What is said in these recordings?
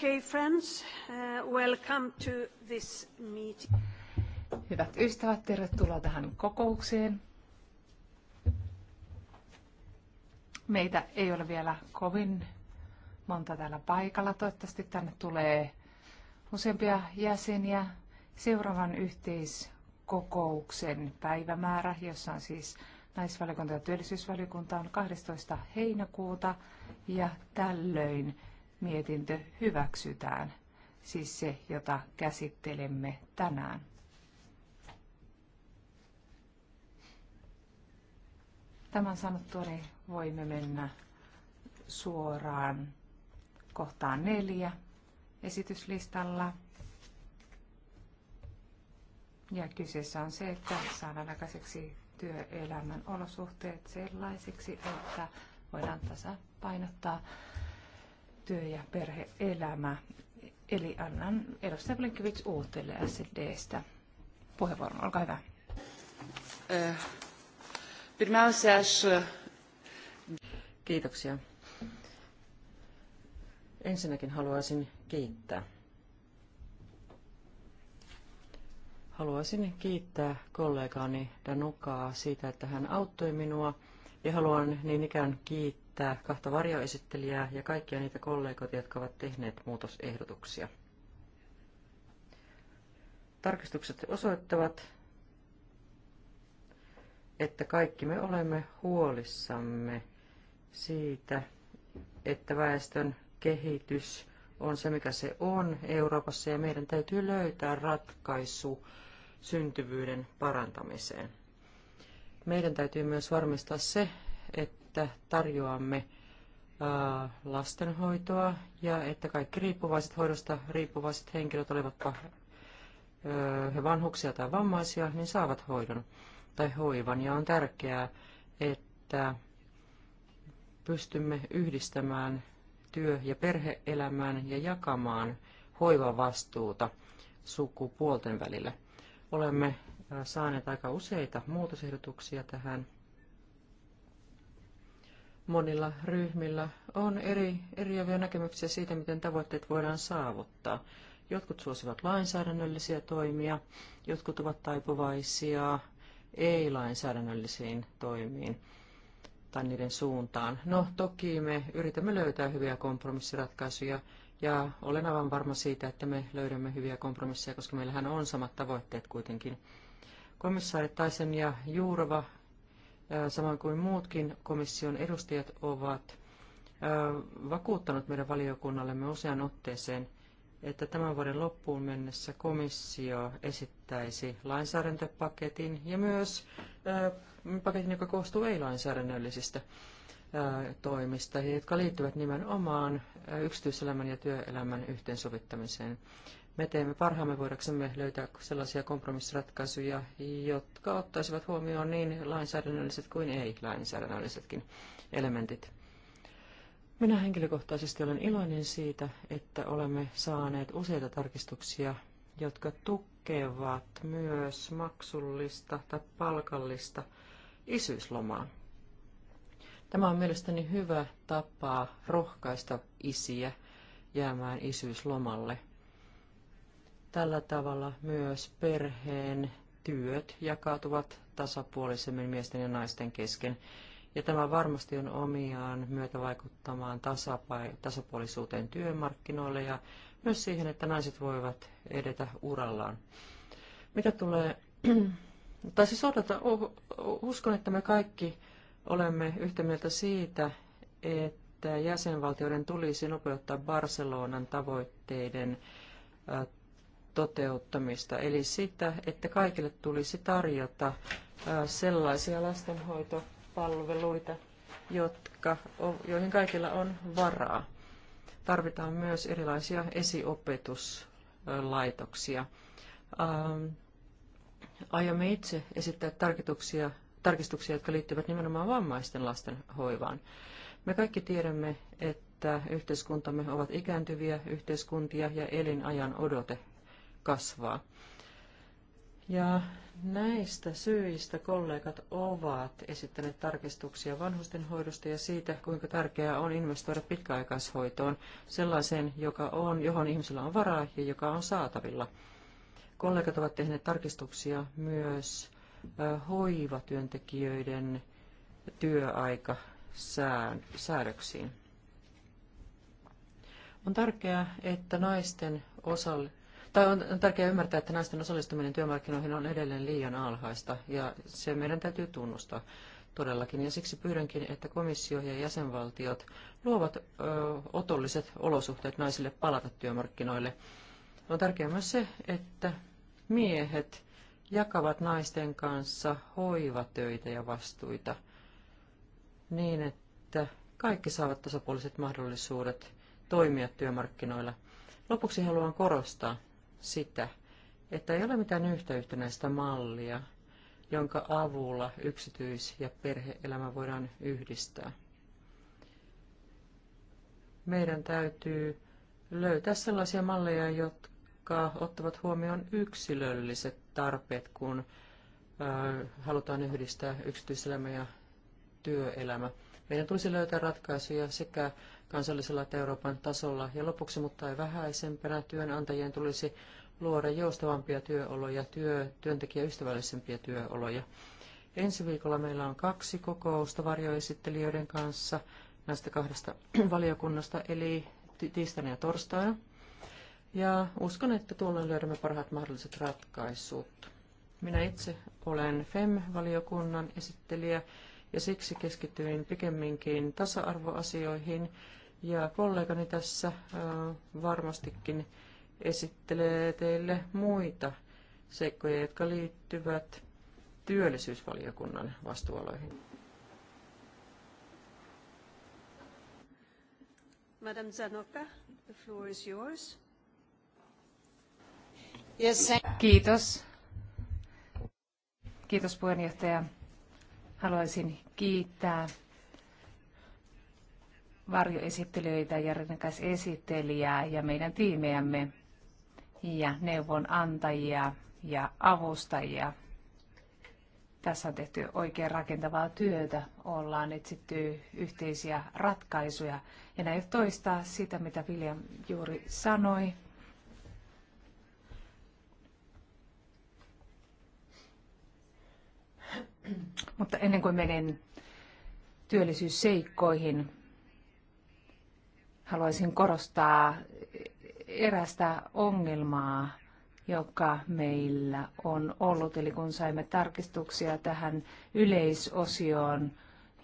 Okay, friends, uh, welcome to this meeting. Hyvät ystävät, tervetuloa tähän kokoukseen. Meitä ei ole vielä kovin monta täällä paikalla. Toivottavasti tänne tulee useampia jäseniä. Seuraavan yhteiskokouksen päivämäärä, jossa on siis naisvaliokunta ja työllisyysvaliokunta, on 12. heinäkuuta ja tällöin mietintö hyväksytään, siis se, jota käsittelemme tänään. Tämän sanottua niin voimme mennä suoraan kohtaan neljä esityslistalla. Ja kyseessä on se, että saadaan aikaiseksi työelämän olosuhteet sellaisiksi, että voidaan tasapainottaa työ- ja perheelämä. Eli annan edustaja Blinkovic uutelle SDstä puheenvuoron. Olkaa hyvä. Kiitoksia. Ensinnäkin haluaisin kiittää. Haluaisin kiittää kollegaani Danukaa siitä, että hän auttoi minua ja haluan niin ikään kiittää kiittää kahta varjoesittelijää ja kaikkia niitä kollegoita, jotka ovat tehneet muutosehdotuksia. Tarkistukset osoittavat, että kaikki me olemme huolissamme siitä, että väestön kehitys on se, mikä se on Euroopassa, ja meidän täytyy löytää ratkaisu syntyvyyden parantamiseen. Meidän täytyy myös varmistaa se, että että tarjoamme lastenhoitoa ja että kaikki riippuvaiset hoidosta riippuvaiset henkilöt, olivatpa he vanhuksia tai vammaisia, niin saavat hoidon tai hoivan. Ja on tärkeää, että pystymme yhdistämään työ- ja perheelämään ja jakamaan hoivavastuuta sukupuolten välillä. Olemme saaneet aika useita muutosehdotuksia tähän monilla ryhmillä on eri, eriäviä näkemyksiä siitä, miten tavoitteet voidaan saavuttaa. Jotkut suosivat lainsäädännöllisiä toimia, jotkut ovat taipuvaisia ei-lainsäädännöllisiin toimiin tai niiden suuntaan. No, toki me yritämme löytää hyviä kompromissiratkaisuja ja olen aivan varma siitä, että me löydämme hyviä kompromisseja, koska meillähän on samat tavoitteet kuitenkin. Komissaari Taisen ja Juurova samoin kuin muutkin komission edustajat ovat vakuuttanut meidän valiokunnallemme usean otteeseen, että tämän vuoden loppuun mennessä komissio esittäisi lainsäädäntöpaketin ja myös paketin, joka koostuu ei-lainsäädännöllisistä toimista, jotka liittyvät nimenomaan yksityiselämän ja työelämän yhteensovittamiseen. Me teemme parhaamme voidaksemme löytää sellaisia kompromissiratkaisuja, jotka ottaisivat huomioon niin lainsäädännölliset kuin ei-lainsäädännöllisetkin elementit. Minä henkilökohtaisesti olen iloinen siitä, että olemme saaneet useita tarkistuksia, jotka tukevat myös maksullista tai palkallista isyyslomaa. Tämä on mielestäni hyvä tapa rohkaista isiä jäämään isyyslomalle – Tällä tavalla myös perheen työt jakautuvat tasapuolisemmin miesten ja naisten kesken. Ja tämä varmasti on omiaan myötävaikuttamaan tasapuolisuuteen työmarkkinoille ja myös siihen, että naiset voivat edetä urallaan. Mitä tulee, tai siis odota, uskon, että me kaikki olemme yhtä mieltä siitä, että jäsenvaltioiden tulisi nopeuttaa Barcelonan tavoitteiden toteuttamista, eli sitä, että kaikille tulisi tarjota sellaisia lastenhoitopalveluita, jotka, joihin kaikilla on varaa. Tarvitaan myös erilaisia esiopetuslaitoksia. Ähm, aiomme itse esittää tarkistuksia, tarkistuksia, jotka liittyvät nimenomaan vammaisten lasten hoivaan. Me kaikki tiedämme, että yhteiskuntamme ovat ikääntyviä yhteiskuntia ja elinajan odote kasvaa. Ja näistä syistä kollegat ovat esittäneet tarkistuksia vanhustenhoidosta ja siitä, kuinka tärkeää on investoida pitkäaikaishoitoon, sellaiseen, joka on, johon ihmisillä on varaa ja joka on saatavilla. Kollegat ovat tehneet tarkistuksia myös hoivatyöntekijöiden työaikasäädöksiin. On tärkeää, että naisten osalle, Tämä on tärkeää ymmärtää, että naisten osallistuminen työmarkkinoihin on edelleen liian alhaista, ja se meidän täytyy tunnustaa todellakin. Ja siksi pyydänkin, että komissio ja jäsenvaltiot luovat ö, otolliset olosuhteet naisille palata työmarkkinoille. On tärkeää myös se, että miehet jakavat naisten kanssa hoivatöitä ja vastuita niin, että kaikki saavat tasapuoliset mahdollisuudet toimia työmarkkinoilla. Lopuksi haluan korostaa, sitä, että ei ole mitään yhtä yhtenäistä mallia, jonka avulla yksityis- ja perheelämä voidaan yhdistää. Meidän täytyy löytää sellaisia malleja, jotka ottavat huomioon yksilölliset tarpeet, kun halutaan yhdistää yksityiselämä ja työelämä. Meidän tulisi löytää ratkaisuja sekä kansallisella tai Euroopan tasolla. Ja lopuksi, mutta ei vähäisempänä, työnantajien tulisi luoda joustavampia työoloja, työ, työntekijäystävällisempiä työoloja. Ensi viikolla meillä on kaksi kokousta varjoesittelijöiden kanssa näistä kahdesta valiokunnasta, eli tiistaina ja torstaina. Ja uskon, että tuolloin löydämme parhaat mahdolliset ratkaisut. Minä itse olen FEM-valiokunnan esittelijä ja siksi keskityin pikemminkin tasa-arvoasioihin ja kollegani tässä äh, varmastikin esittelee teille muita seikkoja, jotka liittyvät työllisyysvaliokunnan vastuualoihin. Madame Zanoka, the floor is yours. Yes, Kiitos. Kiitos puheenjohtaja. Haluaisin kiittää varjoesittelijöitä ja rinnakkaisesittelijää ja meidän tiimeämme ja neuvonantajia ja avustajia. Tässä on tehty oikein rakentavaa työtä, ollaan etsitty yhteisiä ratkaisuja. ja näin toistaa sitä, mitä Vilja juuri sanoi. Mutta ennen kuin menen työllisyysseikkoihin, haluaisin korostaa erästä ongelmaa, joka meillä on ollut. Eli kun saimme tarkistuksia tähän yleisosioon,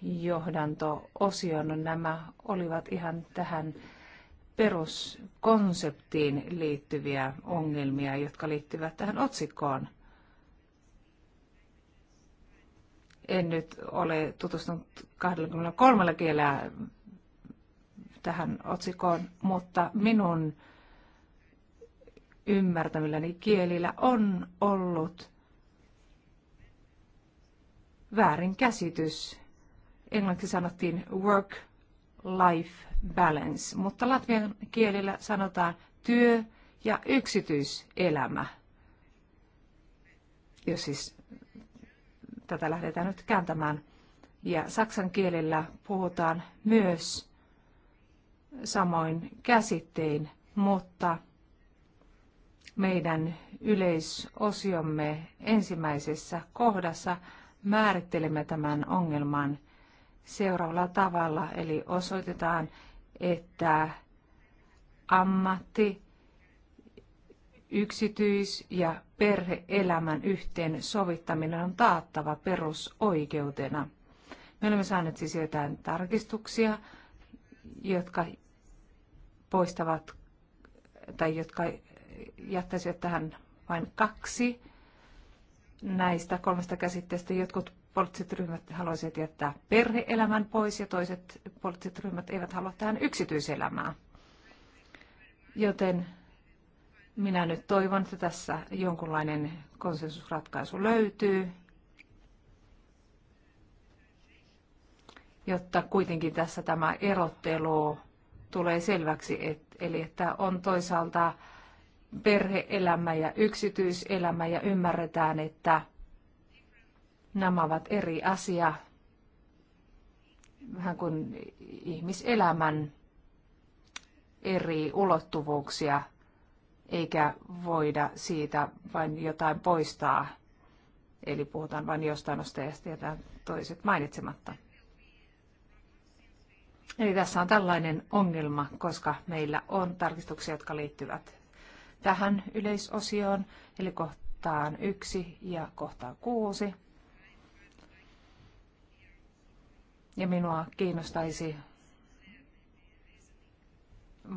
johdanto-osioon, nämä olivat ihan tähän peruskonseptiin liittyviä ongelmia, jotka liittyvät tähän otsikkoon. En nyt ole tutustunut 23 kielellä tähän otsikoon, mutta minun ymmärtämilläni kielillä on ollut väärin käsitys. Englanniksi sanottiin work-life balance, mutta latvian kielillä sanotaan työ- ja yksityiselämä. Jos siis tätä lähdetään nyt kääntämään. Ja saksan kielellä puhutaan myös samoin käsittein, mutta meidän yleisosiomme ensimmäisessä kohdassa määrittelemme tämän ongelman seuraavalla tavalla, eli osoitetaan, että ammatti, yksityis- ja perheelämän yhteen sovittaminen on taattava perusoikeutena. Me olemme saaneet siis jotain tarkistuksia, jotka poistavat tai jotka jättäisivät tähän vain kaksi näistä kolmesta käsitteestä. Jotkut poliittiset ryhmät haluaisivat jättää perheelämän pois ja toiset poliittiset ryhmät eivät halua tähän yksityiselämää. Joten minä nyt toivon, että tässä jonkunlainen konsensusratkaisu löytyy, jotta kuitenkin tässä tämä erottelu tulee selväksi, et, eli että on toisaalta perheelämä ja yksityiselämä ja ymmärretään, että nämä ovat eri asia, vähän kuin ihmiselämän eri ulottuvuuksia, eikä voida siitä vain jotain poistaa. Eli puhutaan vain jostain ostajasta ja toiset mainitsematta. Eli tässä on tällainen ongelma, koska meillä on tarkistuksia, jotka liittyvät tähän yleisosioon, eli kohtaan yksi ja kohtaan kuusi. Ja minua kiinnostaisi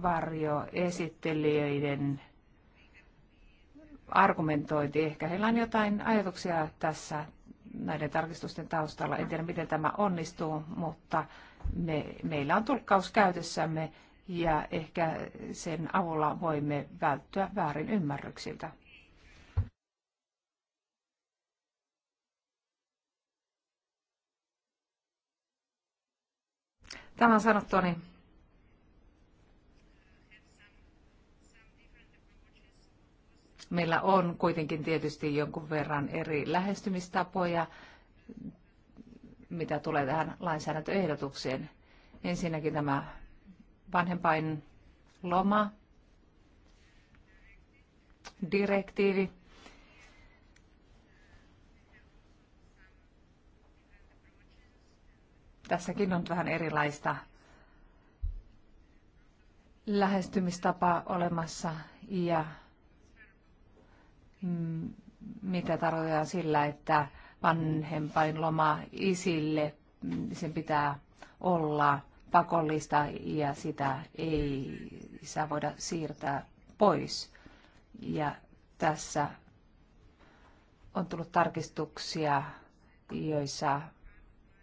varjoesittelijöiden argumentointi. Ehkä heillä on jotain ajatuksia tässä näiden tarkistusten taustalla. En tiedä, miten tämä onnistuu, mutta me, meillä on tulkkaus käytössämme ja ehkä sen avulla voimme välttyä väärin ymmärryksiltä. Tämän sanottuani niin Meillä on kuitenkin tietysti jonkun verran eri lähestymistapoja, mitä tulee tähän lainsäädäntöehdotukseen. Ensinnäkin tämä vanhempain loma, direktiivi. Tässäkin on vähän erilaista lähestymistapaa olemassa ja Mm, mitä tarkoitetaan sillä, että vanhempainloma isille, mm, sen pitää olla pakollista ja sitä ei saa voida siirtää pois. Ja tässä on tullut tarkistuksia, joissa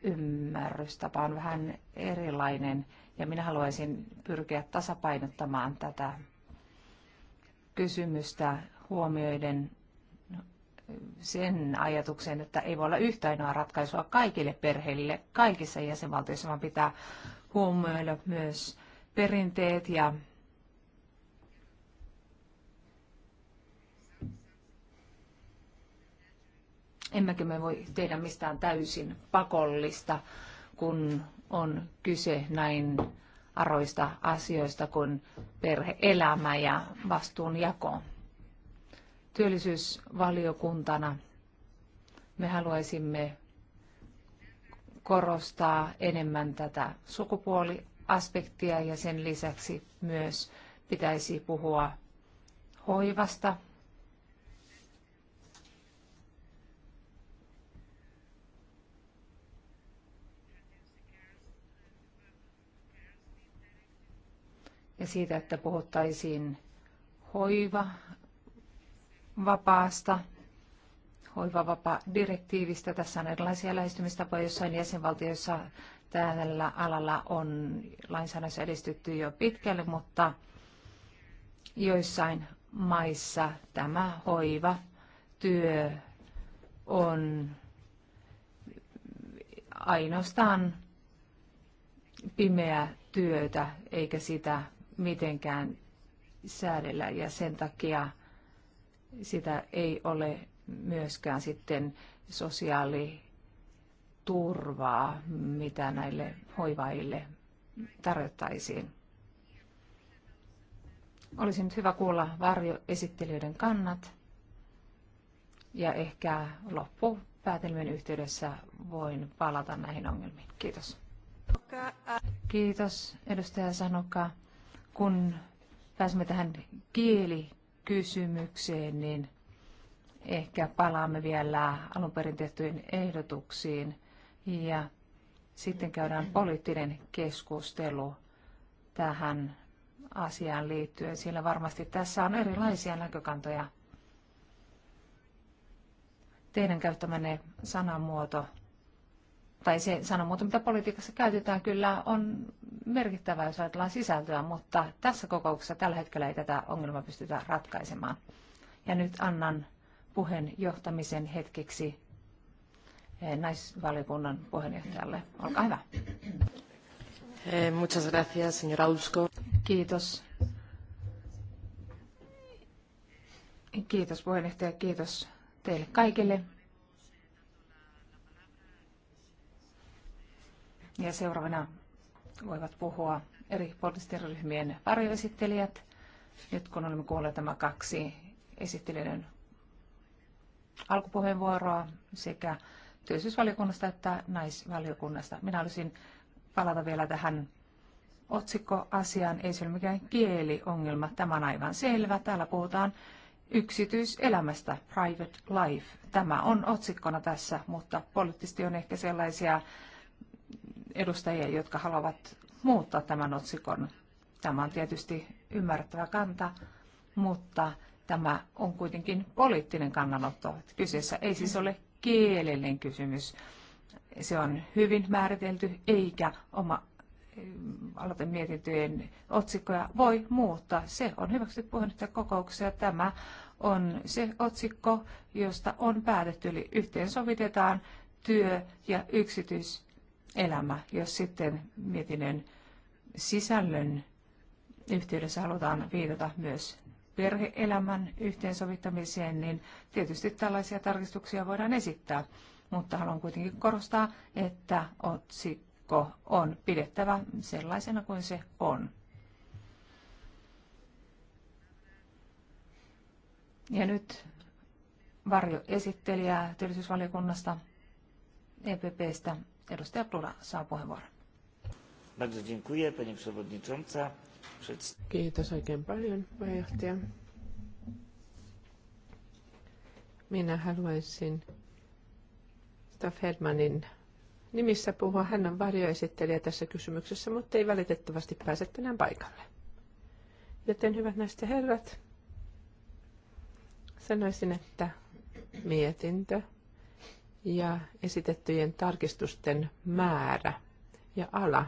ymmärrystapa on vähän erilainen ja minä haluaisin pyrkiä tasapainottamaan tätä kysymystä huomioiden sen ajatuksen, että ei voi olla yhtä ainoa ratkaisua kaikille perheille kaikissa jäsenvaltioissa, vaan pitää huomioida myös perinteet ja emmekä me voi tehdä mistään täysin pakollista, kun on kyse näin aroista asioista kuin perheelämä ja vastuunjako työllisyysvaliokuntana me haluaisimme korostaa enemmän tätä sukupuoliaspektia ja sen lisäksi myös pitäisi puhua hoivasta. Ja siitä, että puhuttaisiin hoiva vapaasta hoivavapa-direktiivistä. Tässä on erilaisia lähestymistapoja jossain jäsenvaltioissa. Tällä alalla on lainsäädännössä edistytty jo pitkälle, mutta joissain maissa tämä hoiva työ on ainoastaan pimeää työtä, eikä sitä mitenkään säädellä. Ja sen takia sitä ei ole myöskään sitten sosiaaliturvaa, mitä näille hoivaille tarjottaisiin. Olisi nyt hyvä kuulla varjoesittelijöiden kannat ja ehkä loppupäätelmien yhteydessä voin palata näihin ongelmiin. Kiitos. Kiitos edustaja Sanoka. Kun pääsemme tähän kieli kysymykseen, niin ehkä palaamme vielä alun perin tehtyihin ehdotuksiin ja sitten käydään poliittinen keskustelu tähän asiaan liittyen, sillä varmasti tässä on erilaisia näkökantoja. Teidän käyttämänne sanamuoto tai se sanamuoto, mitä politiikassa käytetään, kyllä on merkittävää, jos ajatellaan sisältöä, mutta tässä kokouksessa tällä hetkellä ei tätä ongelmaa pystytä ratkaisemaan. Ja nyt annan puheen johtamisen hetkeksi eh, naisvaliokunnan puheenjohtajalle. Olkaa hyvä. Eh, muchas gracias, señora Usko. Kiitos. Kiitos puheenjohtaja, kiitos teille kaikille Ja seuraavana voivat puhua eri poliittisten ryhmien varjoesittelijät. Nyt kun olemme kuulleet tämä kaksi esittelijöiden alkupuheenvuoroa sekä työllisyysvaliokunnasta että naisvaliokunnasta. Minä haluaisin palata vielä tähän otsikkoasiaan. Ei se ole mikään kieliongelma, tämä on aivan selvä. Täällä puhutaan yksityiselämästä, private life. Tämä on otsikkona tässä, mutta poliittisesti on ehkä sellaisia edustajia, jotka haluavat muuttaa tämän otsikon. Tämä on tietysti ymmärrettävä kanta, mutta tämä on kuitenkin poliittinen kannanotto. Kyseessä ei siis ole kielellinen kysymys. Se on hyvin määritelty, eikä oma eh, mietintöjen otsikkoja voi muuttaa. Se on hyväksytty puheenjohtajan kokouksessa tämä on se otsikko, josta on päätetty, eli yhteensovitetaan työ ja yksityis elämä. Jos sitten mietinnön sisällön yhteydessä halutaan viitata myös perheelämän yhteensovittamiseen, niin tietysti tällaisia tarkistuksia voidaan esittää. Mutta haluan kuitenkin korostaa, että otsikko on pidettävä sellaisena kuin se on. Ja nyt varjoesittelijä työllisyysvaliokunnasta, EPPstä, Edustaja Plura saa puheenvuoron. Bardzo dziękuję, pani przewodnicząca. Kiitos oikein paljon, puheenjohtaja. Minä haluaisin Staff Hedmanin nimissä puhua. Hän on varjoesittelijä tässä kysymyksessä, mutta ei valitettavasti pääse tänään paikalle. Joten hyvät naiset ja herrat, sanoisin, että mietintö ja esitettyjen tarkistusten määrä ja ala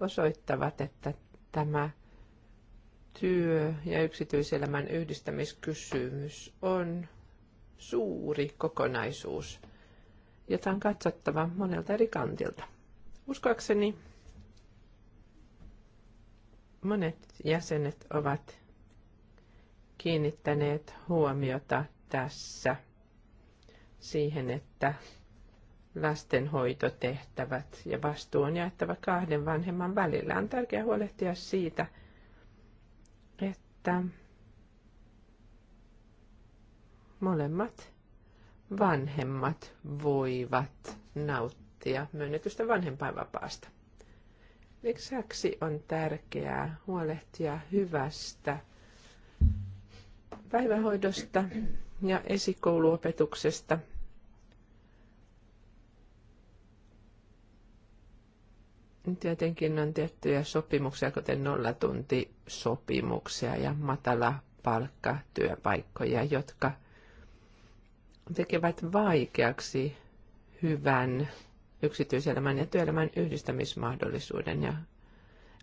osoittavat, että tämä työ- ja yksityiselämän yhdistämiskysymys on suuri kokonaisuus, jota on katsottava monelta eri kantilta. Uskoakseni monet jäsenet ovat kiinnittäneet huomiota tässä – siihen, että lastenhoitotehtävät ja vastuu on jaettava kahden vanhemman välillä. On tärkeää huolehtia siitä, että molemmat vanhemmat voivat nauttia myönnetystä vanhempainvapaasta. Lisäksi on tärkeää huolehtia hyvästä päivähoidosta ja esikouluopetuksesta – Tietenkin on tiettyjä sopimuksia, kuten nollatuntisopimuksia ja matala palkkatyöpaikkoja, jotka tekevät vaikeaksi hyvän yksityiselämän ja työelämän yhdistämismahdollisuuden ja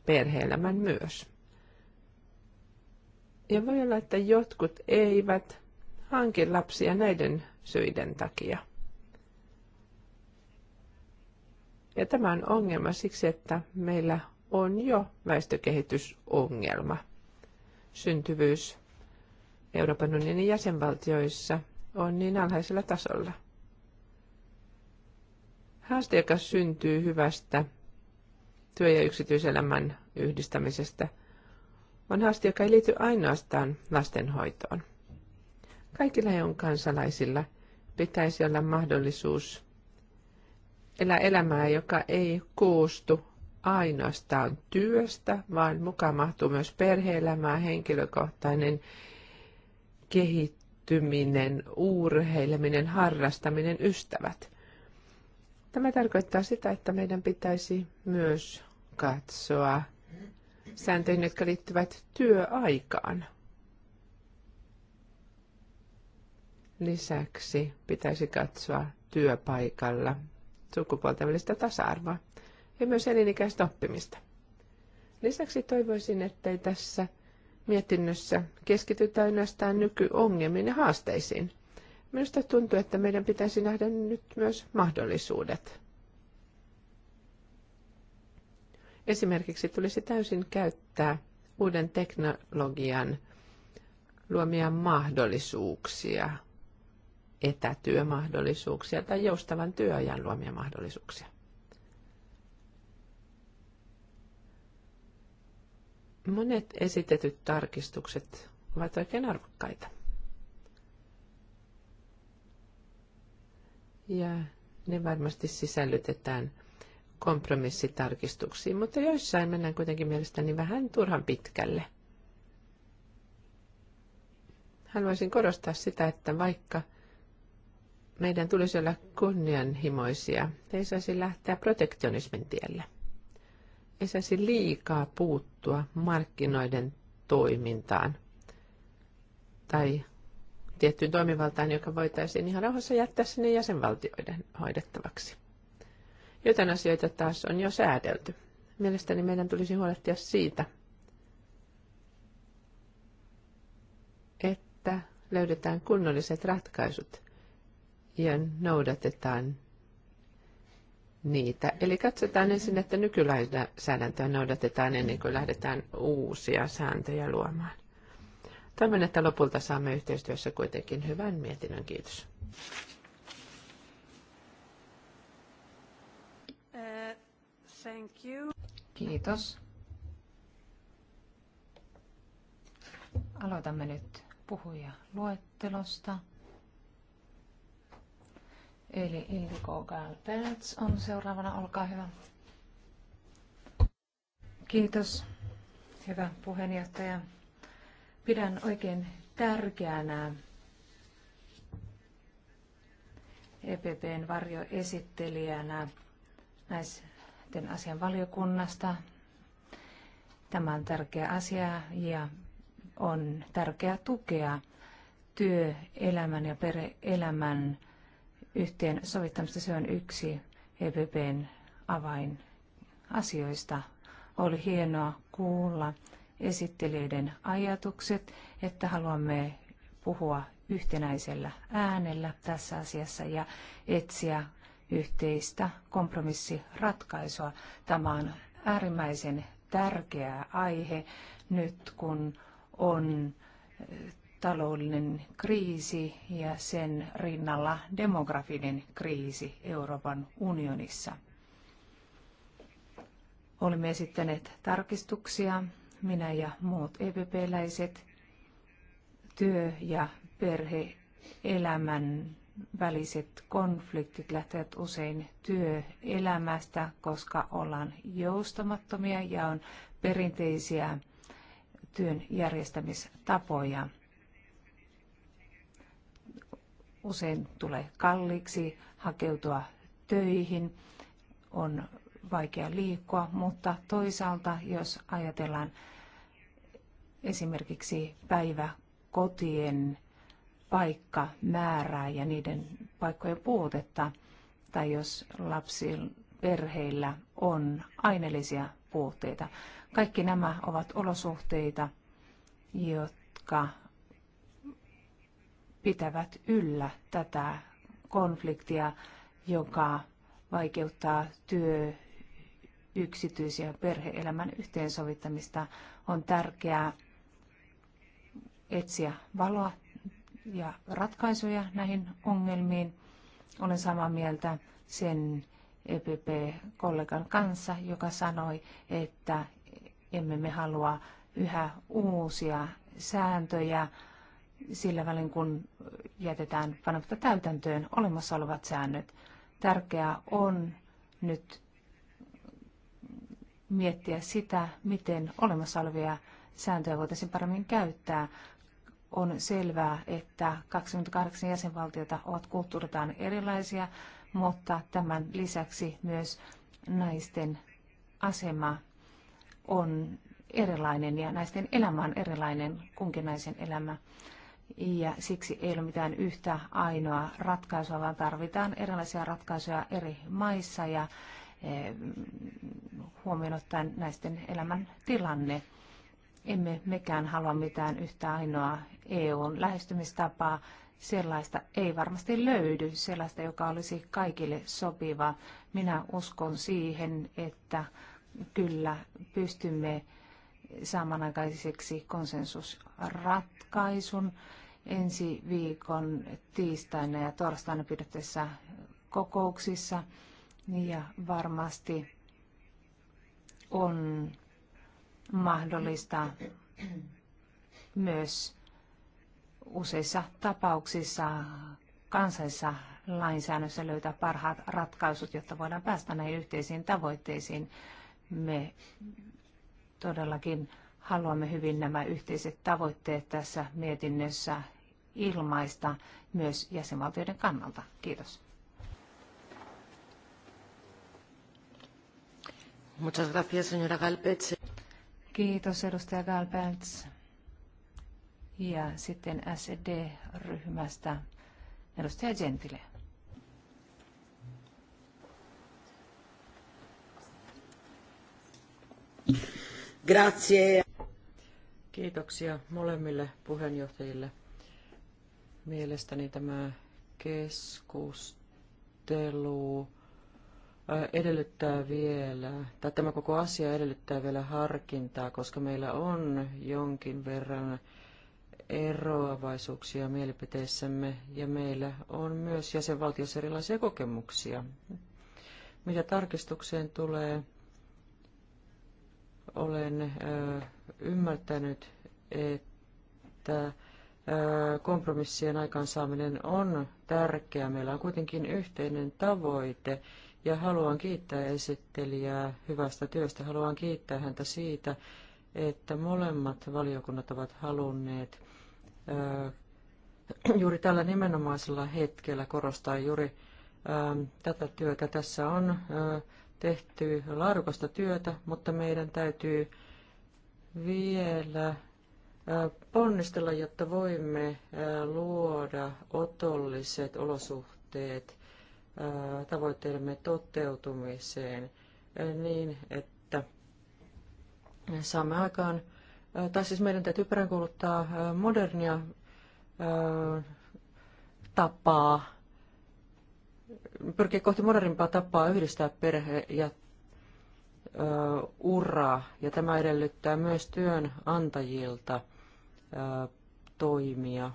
perheelämän myös. Ja voi olla, että jotkut eivät hankin lapsia näiden syiden takia – Ja tämä on ongelma siksi, että meillä on jo väestökehitysongelma. Syntyvyys Euroopan unionin jäsenvaltioissa on niin alhaisella tasolla. Haaste, joka syntyy hyvästä työ- ja yksityiselämän yhdistämisestä, on haaste, joka ei liity ainoastaan lastenhoitoon. Kaikilla on kansalaisilla pitäisi olla mahdollisuus elää elämää, joka ei koostu ainoastaan työstä, vaan mukaan mahtuu myös perheelämää, henkilökohtainen kehittyminen, urheileminen, harrastaminen, ystävät. Tämä tarkoittaa sitä, että meidän pitäisi myös katsoa sääntöihin, jotka liittyvät työaikaan. Lisäksi pitäisi katsoa työpaikalla sukupuolten välistä tasa-arvoa ja myös elinikäistä oppimista. Lisäksi toivoisin, ettei tässä mietinnössä keskitytä ainoastaan nykyongelmiin ja haasteisiin. Minusta tuntuu, että meidän pitäisi nähdä nyt myös mahdollisuudet. Esimerkiksi tulisi täysin käyttää uuden teknologian luomia mahdollisuuksia – etätyömahdollisuuksia tai joustavan työajan luomia mahdollisuuksia. Monet esitetyt tarkistukset ovat oikein arvokkaita. Ja ne varmasti sisällytetään kompromissitarkistuksiin, mutta joissain mennään kuitenkin mielestäni vähän turhan pitkälle. Haluaisin korostaa sitä, että vaikka meidän tulisi olla kunnianhimoisia. Ei saisi lähteä protektionismin tielle. Ei saisi liikaa puuttua markkinoiden toimintaan tai tiettyyn toimivaltaan, joka voitaisiin ihan rauhassa jättää sinne jäsenvaltioiden hoidettavaksi. Jotain asioita taas on jo säädelty. Mielestäni meidän tulisi huolehtia siitä, että löydetään kunnolliset ratkaisut ja noudatetaan niitä. Eli katsotaan ensin, että nykylainsäädäntöä noudatetaan ennen kuin lähdetään uusia sääntöjä luomaan. Toivon, että lopulta saamme yhteistyössä kuitenkin hyvän mietinnön. Kiitos. Thank you. Kiitos. Aloitamme nyt puhuja luettelosta. Eli Indigo Galpelts on seuraavana, olkaa hyvä. Kiitos, hyvä puheenjohtaja. Pidän oikein tärkeänä EPPn varjoesittelijänä naisten asian valiokunnasta. Tämä on tärkeä asia ja on tärkeää tukea työelämän ja pereelämän elämän yhteen sovittamista. Se on yksi EPPn avainasioista. Oli hienoa kuulla esittelijöiden ajatukset, että haluamme puhua yhtenäisellä äänellä tässä asiassa ja etsiä yhteistä kompromissiratkaisua. Tämä on äärimmäisen tärkeä aihe nyt, kun on taloudellinen kriisi ja sen rinnalla demografinen kriisi Euroopan unionissa. Olimme esittäneet tarkistuksia, minä ja muut EPP-läiset, työ- ja perhe elämän väliset konfliktit lähtevät usein työelämästä, koska ollaan joustamattomia ja on perinteisiä työn järjestämistapoja – usein tulee kalliiksi hakeutua töihin, on vaikea liikkua, mutta toisaalta jos ajatellaan esimerkiksi päiväkotien paikkamäärää ja niiden paikkojen puutetta, tai jos lapsilla perheillä on aineellisia puutteita. Kaikki nämä ovat olosuhteita, jotka pitävät yllä tätä konfliktia, joka vaikeuttaa työ, yksityis- ja perhe-elämän yhteensovittamista. On tärkeää etsiä valoa ja ratkaisuja näihin ongelmiin. Olen samaa mieltä sen EPP-kollegan kanssa, joka sanoi, että emme me halua yhä uusia sääntöjä, sillä välin, kun jätetään panematta täytäntöön olemassa olevat säännöt. Tärkeää on nyt miettiä sitä, miten olemassa olevia sääntöjä voitaisiin paremmin käyttää. On selvää, että 28 jäsenvaltiota ovat kulttuuritaan erilaisia, mutta tämän lisäksi myös naisten asema on erilainen ja naisten elämä on erilainen kunkin naisen elämä ja siksi ei ole mitään yhtä ainoa ratkaisua, vaan tarvitaan erilaisia ratkaisuja eri maissa ja eh, huomioon ottaen näisten elämän tilanne. Emme mekään halua mitään yhtä ainoa EUn lähestymistapaa. Sellaista ei varmasti löydy, sellaista, joka olisi kaikille sopiva. Minä uskon siihen, että kyllä pystymme samanaikaiseksi konsensusratkaisun ensi viikon tiistaina ja torstaina pidettävissä kokouksissa. Ja varmasti on mahdollista myös useissa tapauksissa kansallisessa lainsäädännössä löytää parhaat ratkaisut, jotta voidaan päästä näihin yhteisiin tavoitteisiin. Me todellakin haluamme hyvin nämä yhteiset tavoitteet tässä mietinnössä ilmaista myös jäsenvaltioiden kannalta. Kiitos. Muchas gracias, señora Galpets. Kiitos, edustaja Galpets. Ja sitten SED-ryhmästä edustaja Gentile. Grazie, Kiitoksia molemmille puheenjohtajille. Mielestäni tämä keskustelu edellyttää vielä, tai tämä koko asia edellyttää vielä harkintaa, koska meillä on jonkin verran eroavaisuuksia mielipiteissämme ja meillä on myös jäsenvaltiossa erilaisia kokemuksia. Mitä tarkistukseen tulee, olen äh, ymmärtänyt, että kompromissien aikaansaaminen on tärkeää. Meillä on kuitenkin yhteinen tavoite ja haluan kiittää esittelijää hyvästä työstä. Haluan kiittää häntä siitä, että molemmat valiokunnat ovat halunneet juuri tällä nimenomaisella hetkellä korostaa juuri tätä työtä. Tässä on tehty laadukasta työtä, mutta meidän täytyy vielä ponnistella, jotta voimme luoda otolliset olosuhteet tavoitteidemme toteutumiseen niin, että saamme aikaan, tai siis meidän täytyy peräänkuuluttaa modernia tapaa, pyrkiä kohti modernimpaa tapaa yhdistää perhe ja ura, ja tämä edellyttää myös työnantajilta toimia.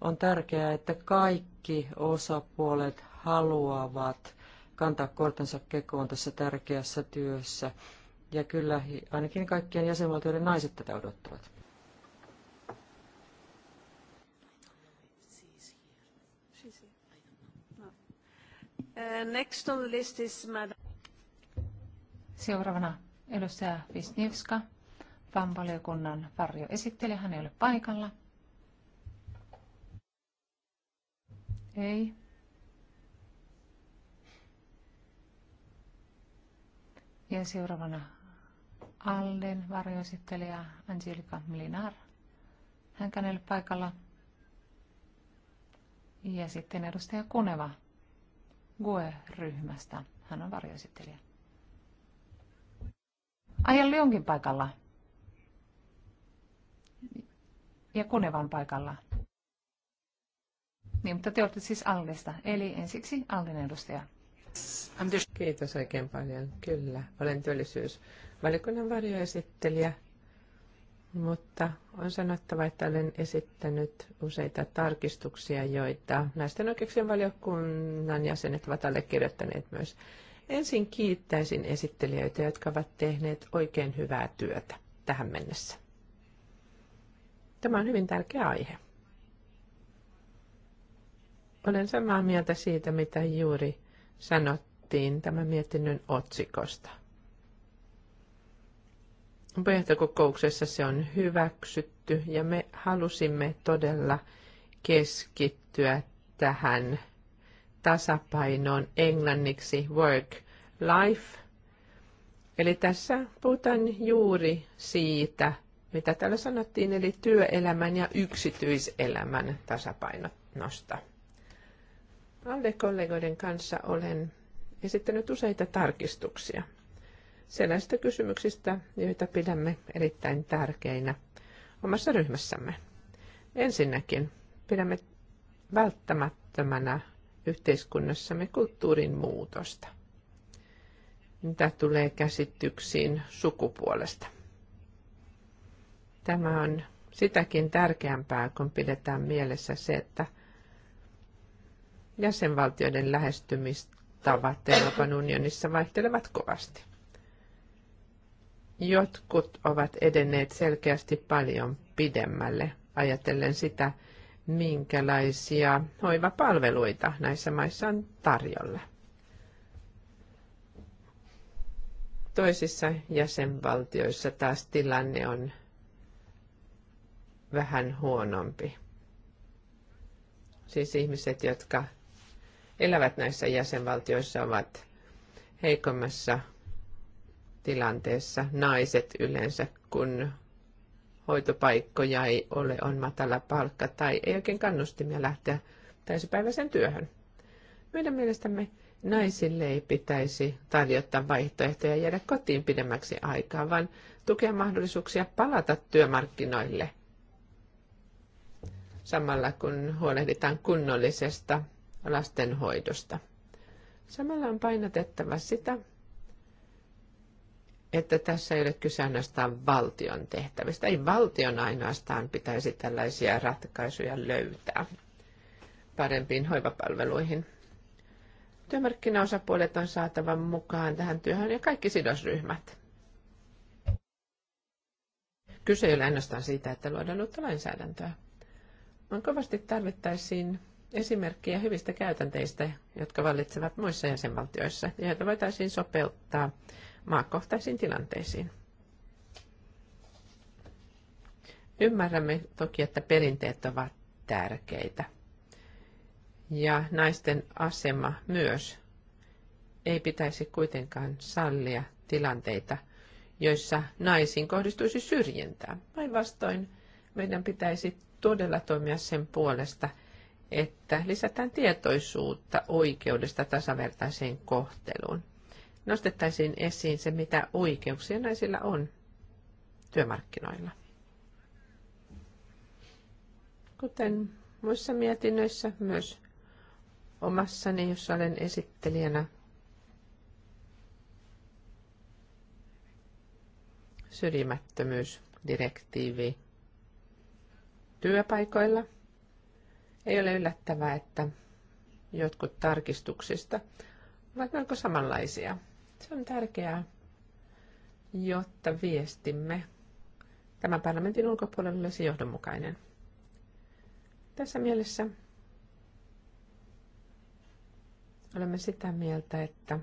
On tärkeää, että kaikki osapuolet haluavat kantaa kortensa kekoon tässä tärkeässä työssä. Ja kyllä ainakin kaikkien jäsenvaltioiden naiset tätä odottavat. Uh, next on the list is Madam. Seuraavana edustaja Wisniewska, VAM-valiokunnan varjoesittelijä. Hän ei ole paikalla. Ei. Ja seuraavana Alden varjoesittelijä Angelika Milinar. Hän ei ole paikalla. Ja sitten edustaja Kuneva GUE-ryhmästä. Hän on varjoesittelijä. Aja Lyonkin paikalla. Ja Kunevan paikalla. Niin, mutta te olette siis aldesta, eli ensiksi Allen edustaja. Kiitos oikein paljon. Kyllä, olen työllisyysvalikunnan varjoesittelijä mutta on sanottava, että olen esittänyt useita tarkistuksia, joita naisten oikeuksien valiokunnan jäsenet ovat allekirjoittaneet myös. Ensin kiittäisin esittelijöitä, jotka ovat tehneet oikein hyvää työtä tähän mennessä. Tämä on hyvin tärkeä aihe. Olen samaa mieltä siitä, mitä juuri sanottiin tämän mietinnön otsikosta puheenjohtajakokouksessa se on hyväksytty ja me halusimme todella keskittyä tähän tasapainoon englanniksi work life. Eli tässä puhutaan juuri siitä, mitä täällä sanottiin, eli työelämän ja yksityiselämän tasapainosta. Alle kollegoiden kanssa olen esittänyt useita tarkistuksia sellaisista kysymyksistä, joita pidämme erittäin tärkeinä omassa ryhmässämme. Ensinnäkin pidämme välttämättömänä yhteiskunnassamme kulttuurin muutosta, mitä tulee käsityksiin sukupuolesta. Tämä on sitäkin tärkeämpää, kun pidetään mielessä se, että jäsenvaltioiden lähestymistavat Euroopan unionissa vaihtelevat kovasti. Jotkut ovat edenneet selkeästi paljon pidemmälle, ajatellen sitä, minkälaisia hoivapalveluita näissä maissa on tarjolla. Toisissa jäsenvaltioissa taas tilanne on vähän huonompi. Siis ihmiset, jotka elävät näissä jäsenvaltioissa, ovat heikommassa tilanteessa naiset yleensä, kun hoitopaikkoja ei ole, on matala palkka tai ei oikein kannustimia lähteä täysipäiväiseen työhön. Meidän mielestämme naisille ei pitäisi tarjota vaihtoehtoja jäädä kotiin pidemmäksi aikaa, vaan tukea mahdollisuuksia palata työmarkkinoille samalla kun huolehditaan kunnollisesta lastenhoidosta. Samalla on painotettava sitä, että tässä ei ole kyse ainoastaan valtion tehtävistä. Ei valtion ainoastaan pitäisi tällaisia ratkaisuja löytää parempiin hoivapalveluihin. Työmarkkinaosapuolet on saatava mukaan tähän työhön ja kaikki sidosryhmät. Kyse ei ole ainoastaan siitä, että luodaan uutta lainsäädäntöä, vaan kovasti tarvittaisiin esimerkkiä hyvistä käytänteistä, jotka vallitsevat muissa jäsenvaltioissa, joita voitaisiin sopeuttaa maakohtaisiin tilanteisiin. Ymmärrämme toki, että perinteet ovat tärkeitä. Ja naisten asema myös. Ei pitäisi kuitenkaan sallia tilanteita, joissa naisiin kohdistuisi syrjintää. Päinvastoin meidän pitäisi todella toimia sen puolesta, että lisätään tietoisuutta oikeudesta tasavertaiseen kohteluun nostettaisiin esiin se, mitä oikeuksia naisilla on työmarkkinoilla. Kuten muissa mietinnöissä, myös omassani, jossa olen esittelijänä, syrjimättömyysdirektiivi työpaikoilla. Ei ole yllättävää, että jotkut tarkistuksista ovat melko samanlaisia – se on tärkeää, jotta viestimme tämän parlamentin ulkopuolelle olisi johdonmukainen. Tässä mielessä olemme sitä mieltä, että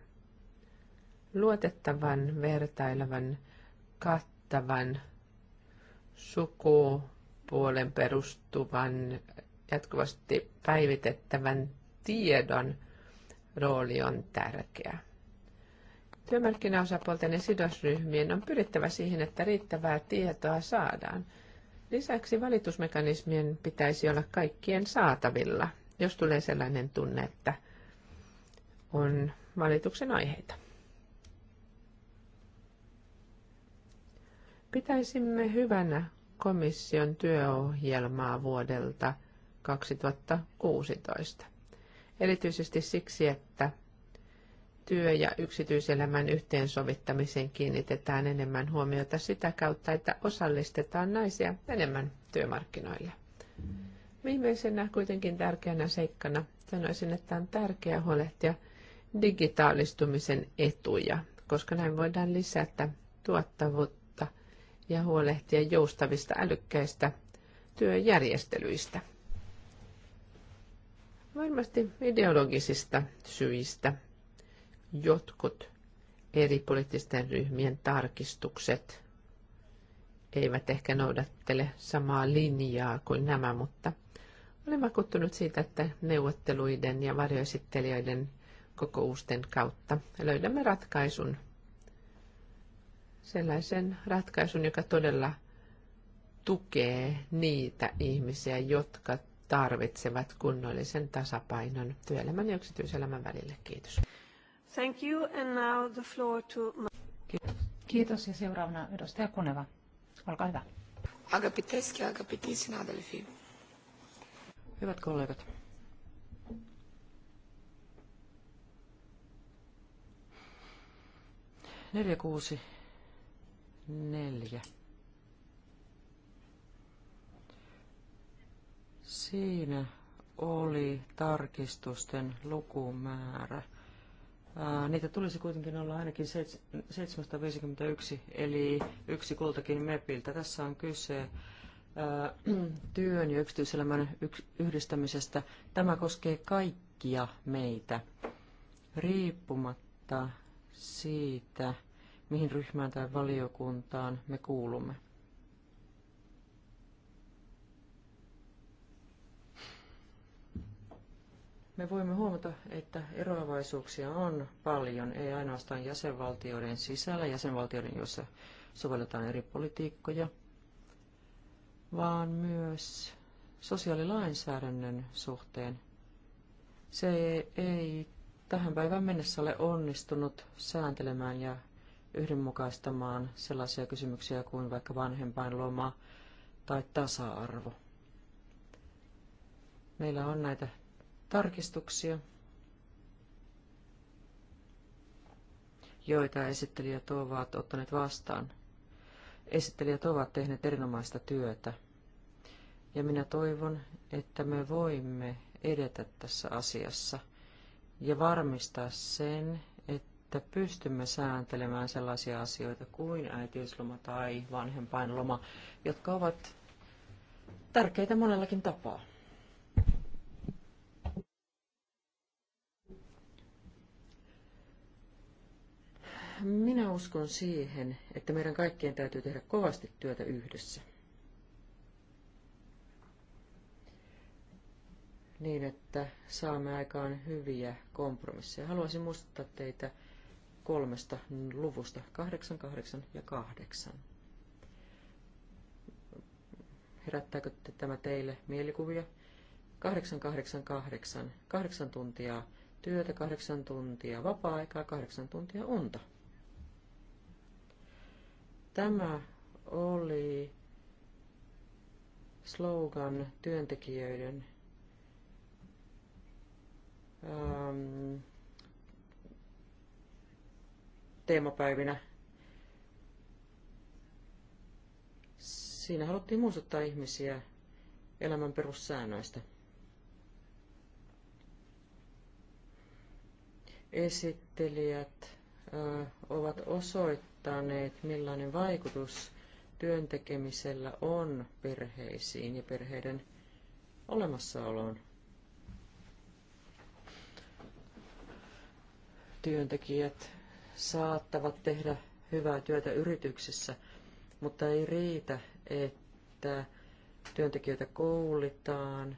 luotettavan, vertailevan, kattavan, sukupuolen perustuvan, jatkuvasti päivitettävän tiedon rooli on tärkeä. Työmarkkinaosapuolten ja sidosryhmien on pyrittävä siihen, että riittävää tietoa saadaan. Lisäksi valitusmekanismien pitäisi olla kaikkien saatavilla, jos tulee sellainen tunne, että on valituksen aiheita. Pitäisimme hyvänä komission työohjelmaa vuodelta 2016. Erityisesti siksi, että työ- ja yksityiselämän yhteensovittamiseen kiinnitetään enemmän huomiota sitä kautta, että osallistetaan naisia enemmän työmarkkinoille. Viimeisenä kuitenkin tärkeänä seikkana sanoisin, että on tärkeää huolehtia digitaalistumisen etuja, koska näin voidaan lisätä tuottavuutta ja huolehtia joustavista älykkäistä työjärjestelyistä. Varmasti ideologisista syistä jotkut eri poliittisten ryhmien tarkistukset eivät ehkä noudattele samaa linjaa kuin nämä, mutta olen vakuuttunut siitä, että neuvotteluiden ja varjoesittelijöiden kokousten kautta löydämme ratkaisun. Sellaisen ratkaisun, joka todella tukee niitä ihmisiä, jotka tarvitsevat kunnollisen tasapainon työelämän ja yksityiselämän välille. Kiitos. Thank you, and now the floor to... Kiitos ja seuraavana edustaja Kuneva. Olkaa hyvä. Agapiteski ja agapitis Hyvät kollegat. Neljä kuusi neljä. Siinä oli tarkistusten lukumäärä. Niitä tulisi kuitenkin olla ainakin 751, eli yksi kultakin MEPiltä. Tässä on kyse työn ja yksityiselämän yhdistämisestä. Tämä koskee kaikkia meitä, riippumatta siitä, mihin ryhmään tai valiokuntaan me kuulumme. me voimme huomata, että eroavaisuuksia on paljon, ei ainoastaan jäsenvaltioiden sisällä, jäsenvaltioiden, joissa sovelletaan eri politiikkoja, vaan myös sosiaalilainsäädännön suhteen. Se ei tähän päivään mennessä ole onnistunut sääntelemään ja yhdenmukaistamaan sellaisia kysymyksiä kuin vaikka vanhempainloma tai tasa-arvo. Meillä on näitä tarkistuksia, joita esittelijät ovat ottaneet vastaan. Esittelijät ovat tehneet erinomaista työtä. Ja minä toivon, että me voimme edetä tässä asiassa ja varmistaa sen, että pystymme sääntelemään sellaisia asioita kuin äitiysloma tai vanhempainloma, jotka ovat tärkeitä monellakin tapaa. Minä uskon siihen, että meidän kaikkien täytyy tehdä kovasti työtä yhdessä. Niin, että saamme aikaan hyviä kompromisseja. Haluaisin muistuttaa teitä kolmesta luvusta, 8, 8 ja 8. Herättääkö tämä teille mielikuvia? 8, 8, 8, 8 tuntia työtä, 8 tuntia vapaa-aikaa, 8 tuntia unta. Tämä oli slogan työntekijöiden ähm, teemapäivinä. Siinä haluttiin muistuttaa ihmisiä elämän perussäännöistä. Esittelijät äh, ovat osoittaneet, osoittaneet, millainen vaikutus työntekemisellä on perheisiin ja perheiden olemassaoloon. Työntekijät saattavat tehdä hyvää työtä yrityksessä, mutta ei riitä, että työntekijöitä koulutaan.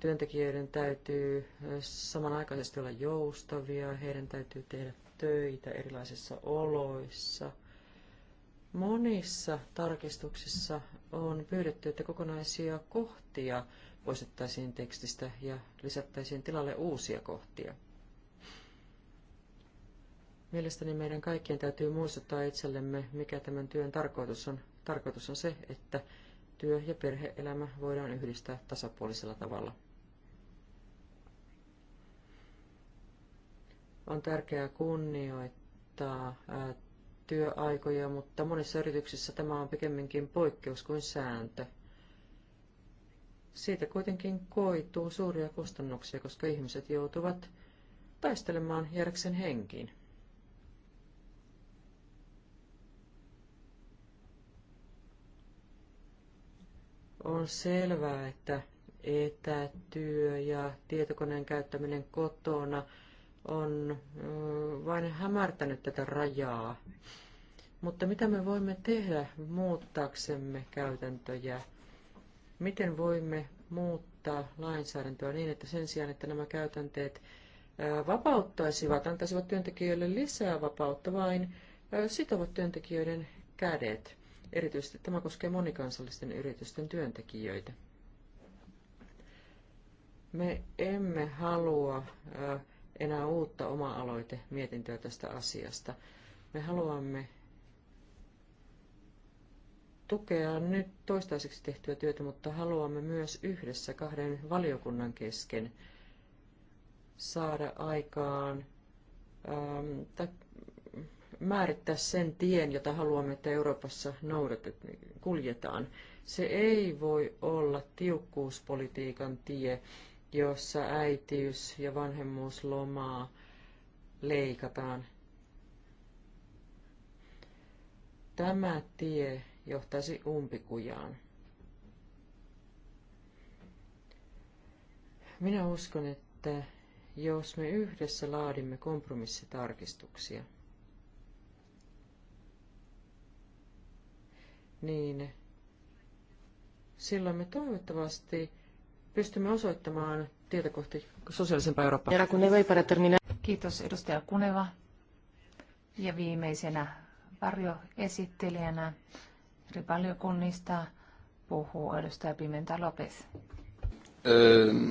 Työntekijöiden täytyy samanaikaisesti olla joustavia, heidän täytyy tehdä töitä erilaisissa oloissa. Monissa tarkistuksissa on pyydetty, että kokonaisia kohtia poistettaisiin tekstistä ja lisättäisiin tilalle uusia kohtia. Mielestäni meidän kaikkien täytyy muistuttaa itsellemme, mikä tämän työn tarkoitus on. Tarkoitus on se, että työ- ja perheelämä voidaan yhdistää tasapuolisella tavalla. On tärkeää kunnioittaa työaikoja, mutta monissa yrityksissä tämä on pikemminkin poikkeus kuin sääntö. Siitä kuitenkin koituu suuria kustannuksia, koska ihmiset joutuvat taistelemaan järksen henkiin. On selvää, että etätyö ja tietokoneen käyttäminen kotona – on vain hämärtänyt tätä rajaa. Mutta mitä me voimme tehdä muuttaaksemme käytäntöjä? Miten voimme muuttaa lainsäädäntöä niin, että sen sijaan, että nämä käytänteet vapauttaisivat, antaisivat työntekijöille lisää vapautta, vain sitovat työntekijöiden kädet. Erityisesti tämä koskee monikansallisten yritysten työntekijöitä. Me emme halua äh, enää uutta oma-aloite mietintöä tästä asiasta. Me haluamme tukea nyt toistaiseksi tehtyä työtä, mutta haluamme myös yhdessä kahden valiokunnan kesken saada aikaan ähm, tai määrittää sen tien, jota haluamme, että Euroopassa noudatet, kuljetaan. Se ei voi olla tiukkuuspolitiikan tie, jossa äitiys- ja vanhemmuuslomaa leikataan. Tämä tie johtaisi umpikujaan. Minä uskon, että jos me yhdessä laadimme kompromissitarkistuksia, niin silloin me toivottavasti pystymme osoittamaan tietä kohti sosiaalisempaa Eurooppaa. Kiitos edustaja Kuneva. Ja viimeisenä varjoesittelijänä eri valiokunnista puhuu edustaja Pimenta Lopez. Ehm,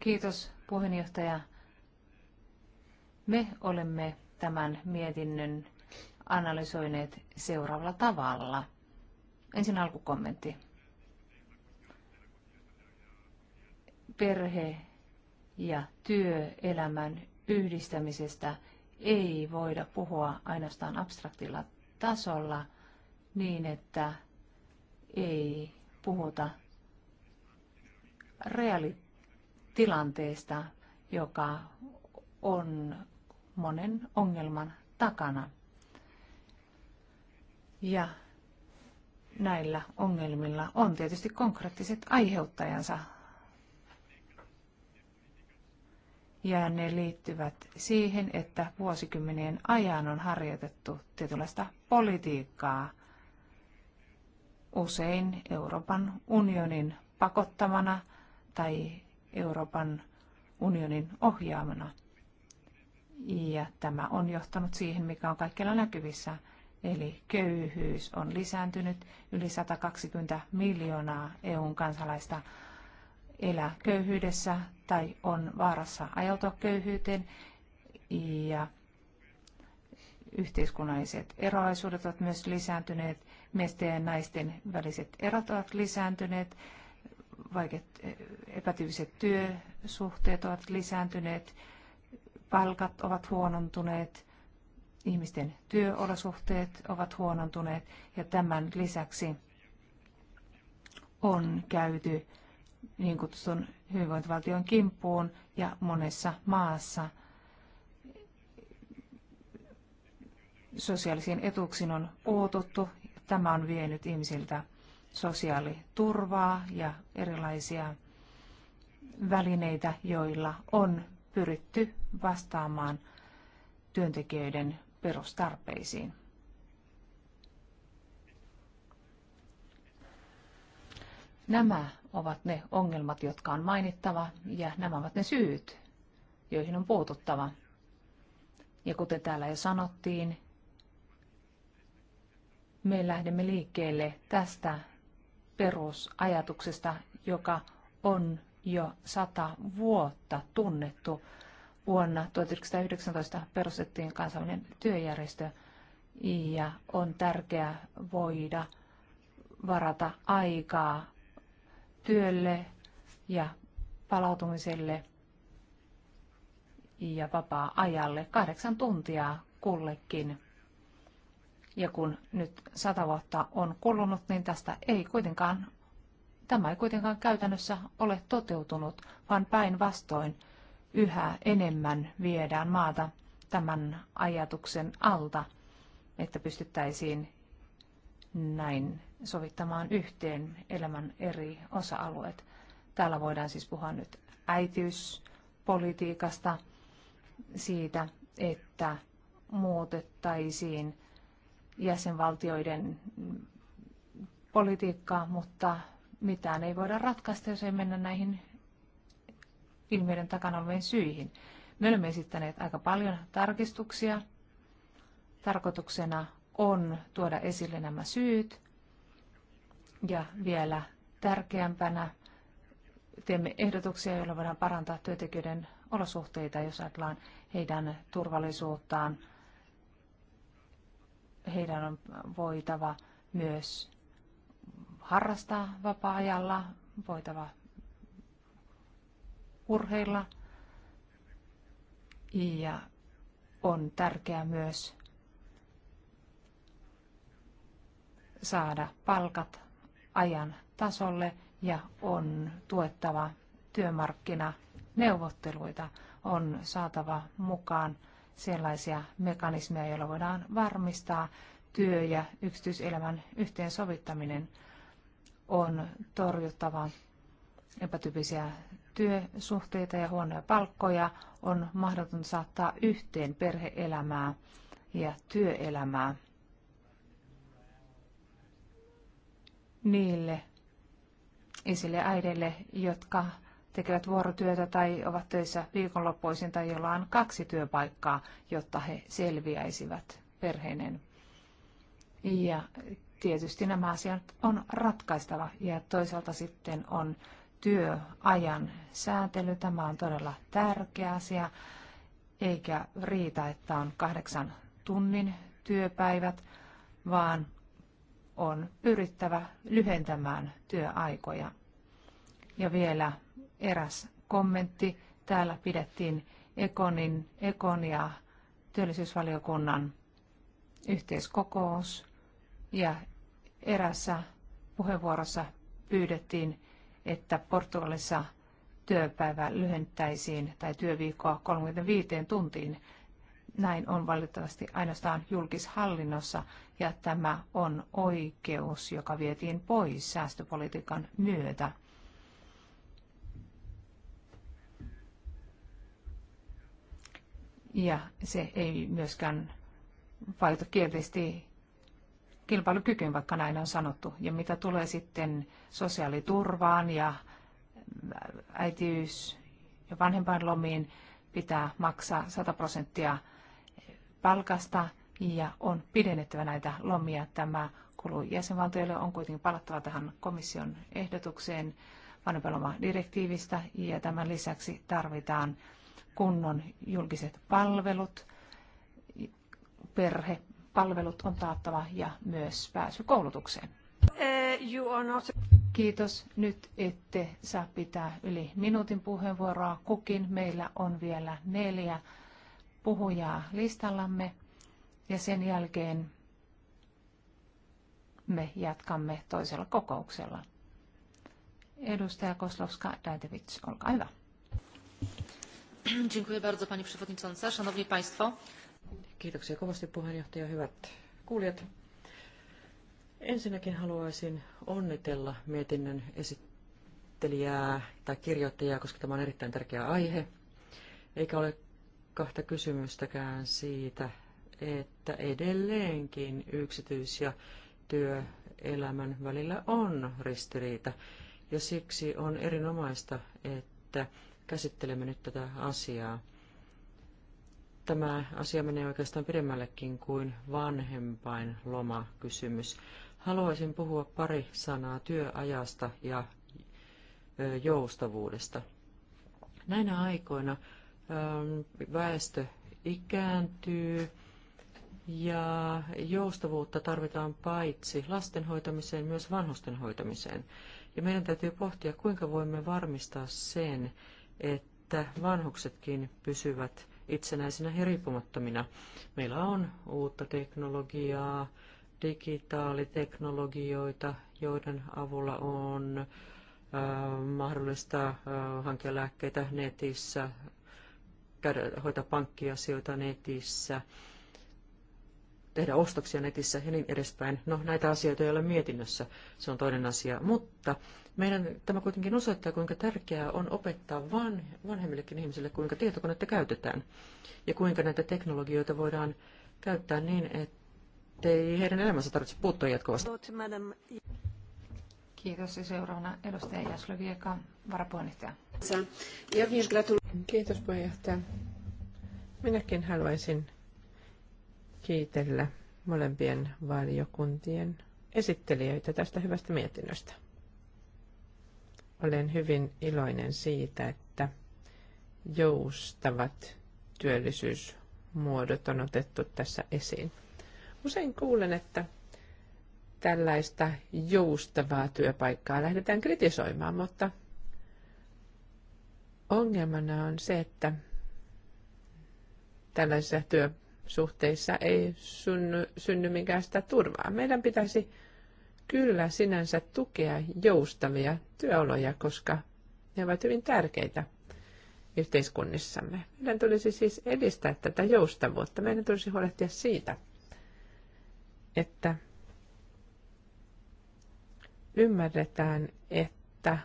Kiitos puheenjohtaja. Me olemme tämän mietinnön analysoineet seuraavalla tavalla – Ensin alkukommentti. Perhe ja työelämän yhdistämisestä ei voida puhua ainoastaan abstraktilla tasolla niin, että ei puhuta reaalitilanteesta, joka on monen ongelman takana. Ja näillä ongelmilla on tietysti konkreettiset aiheuttajansa. Ja ne liittyvät siihen, että vuosikymmenien ajan on harjoitettu tietynlaista politiikkaa, usein Euroopan unionin pakottamana tai Euroopan unionin ohjaamana. Ja tämä on johtanut siihen, mikä on kaikkialla näkyvissä – Eli köyhyys on lisääntynyt. Yli 120 miljoonaa EUn kansalaista elää köyhyydessä tai on vaarassa ajautua köyhyyteen. Ja yhteiskunnalliset eroaisuudet ovat myös lisääntyneet. Miesten ja naisten väliset erot ovat lisääntyneet. Vaikeat eh, epätyyliset työsuhteet ovat lisääntyneet. Palkat ovat huonontuneet ihmisten työolosuhteet ovat huonontuneet ja tämän lisäksi on käyty niin kutsutun hyvinvointivaltion kimppuun ja monessa maassa sosiaalisiin etuuksiin on puututtu. Tämä on vienyt ihmisiltä sosiaaliturvaa ja erilaisia välineitä, joilla on pyritty vastaamaan työntekijöiden perustarpeisiin. Nämä ovat ne ongelmat, jotka on mainittava, ja nämä ovat ne syyt, joihin on puututtava. Ja kuten täällä jo sanottiin, me lähdemme liikkeelle tästä perusajatuksesta, joka on jo sata vuotta tunnettu vuonna 1919 perustettiin kansallinen työjärjestö ja on tärkeää voida varata aikaa työlle ja palautumiselle ja vapaa-ajalle kahdeksan tuntia kullekin. Ja kun nyt sata vuotta on kulunut, niin tästä ei kuitenkaan, tämä ei kuitenkaan käytännössä ole toteutunut, vaan päinvastoin yhä enemmän viedään maata tämän ajatuksen alta, että pystyttäisiin näin sovittamaan yhteen elämän eri osa-alueet. Täällä voidaan siis puhua nyt äitiyspolitiikasta, siitä, että muutettaisiin jäsenvaltioiden politiikkaa, mutta mitään ei voida ratkaista, jos ei mennä näihin ilmiöiden takana oleviin syihin. Me olemme esittäneet aika paljon tarkistuksia. Tarkoituksena on tuoda esille nämä syyt. Ja vielä tärkeämpänä teemme ehdotuksia, joilla voidaan parantaa työntekijöiden olosuhteita, jos ajatellaan heidän turvallisuuttaan. Heidän on voitava myös harrastaa vapaa-ajalla, voitava urheilla. Ja on tärkeää myös saada palkat ajan tasolle ja on tuettava työmarkkinaneuvotteluita, on saatava mukaan sellaisia mekanismeja, joilla voidaan varmistaa työ- ja yksityiselämän yhteensovittaminen. On torjuttava epätyypillisiä työsuhteita ja huonoja palkkoja, on mahdoton saattaa yhteen perheelämää ja työelämää niille isille ja äideille, jotka tekevät vuorotyötä tai ovat töissä viikonloppuisin tai jolla on kaksi työpaikkaa, jotta he selviäisivät perheinen. Ja tietysti nämä asiat on ratkaistava ja toisaalta sitten on työajan sääntely. Tämä on todella tärkeä asia, eikä riitä, että on kahdeksan tunnin työpäivät, vaan on pyrittävä lyhentämään työaikoja. Ja vielä eräs kommentti. Täällä pidettiin Ekonin, Ekon ja työllisyysvaliokunnan yhteiskokous ja erässä puheenvuorossa pyydettiin että Portugalissa työpäivä lyhentäisiin tai työviikkoa 35 tuntiin. Näin on valitettavasti ainoastaan julkishallinnossa ja tämä on oikeus, joka vietiin pois säästöpolitiikan myötä. Ja se ei myöskään vaikuta kielteisesti kilpailukykyyn, vaikka näin on sanottu. Ja mitä tulee sitten sosiaaliturvaan ja äh, äitiys- ja vanhempainlomiin, pitää maksaa 100 prosenttia palkasta ja on pidennettävä näitä lomia. Tämä kulu jäsenvaltioille. On kuitenkin palattava tähän komission ehdotukseen vanhempainlomadirektiivistä ja tämän lisäksi tarvitaan kunnon julkiset palvelut, perhe palvelut on taattava ja myös pääsy koulutukseen. Eh, Kiitos. Nyt ette saa pitää yli minuutin puheenvuoroa kukin. Meillä on vielä neljä puhujaa listallamme ja sen jälkeen me jatkamme toisella kokouksella. Edustaja Koslowska Dajtewicz, olkaa hyvä. Dziękuję bardzo Pani Przewodnicząca. Szanowni Państwo, Kiitoksia kovasti puheenjohtaja. Hyvät kuulijat. Ensinnäkin haluaisin onnitella mietinnön esittelijää tai kirjoittajaa, koska tämä on erittäin tärkeä aihe. Eikä ole kahta kysymystäkään siitä, että edelleenkin yksityis- ja työelämän välillä on ristiriita. Ja siksi on erinomaista, että käsittelemme nyt tätä asiaa. Tämä asia menee oikeastaan pidemmällekin kuin vanhempain lomakysymys. Haluaisin puhua pari sanaa työajasta ja joustavuudesta. Näinä aikoina väestö ikääntyy ja joustavuutta tarvitaan paitsi lasten hoitamiseen, myös vanhusten hoitamiseen. Ja meidän täytyy pohtia, kuinka voimme varmistaa sen, että että vanhuksetkin pysyvät itsenäisinä ja riippumattomina. Meillä on uutta teknologiaa, digitaaliteknologioita, joiden avulla on äh, mahdollista äh, hankkia lääkkeitä netissä, käydä, hoitaa pankkiasioita netissä, tehdä ostoksia netissä ja niin edespäin. No, näitä asioita ei ole mietinnössä, se on toinen asia, mutta meidän tämä kuitenkin osoittaa, kuinka tärkeää on opettaa van, vanhemmillekin ihmisille, kuinka tietokonetta käytetään ja kuinka näitä teknologioita voidaan käyttää niin, ettei heidän elämänsä tarvitse puuttua jatkuvasti. Kiitos. Ja seuraavana edustaja Jaslö Vieka, varapuheenjohtaja. Kiitos puheenjohtaja. Minäkin haluaisin kiitellä molempien valiokuntien esittelijöitä tästä hyvästä mietinnöstä. Olen hyvin iloinen siitä, että joustavat työllisyysmuodot on otettu tässä esiin. Usein kuulen, että tällaista joustavaa työpaikkaa lähdetään kritisoimaan, mutta ongelmana on se, että tällaisissa työsuhteissa ei synny, synny minkäänlaista turvaa. Meidän pitäisi kyllä sinänsä tukea joustavia työoloja, koska ne ovat hyvin tärkeitä yhteiskunnissamme. Meidän tulisi siis edistää tätä joustavuutta. Meidän tulisi huolehtia siitä, että ymmärretään, että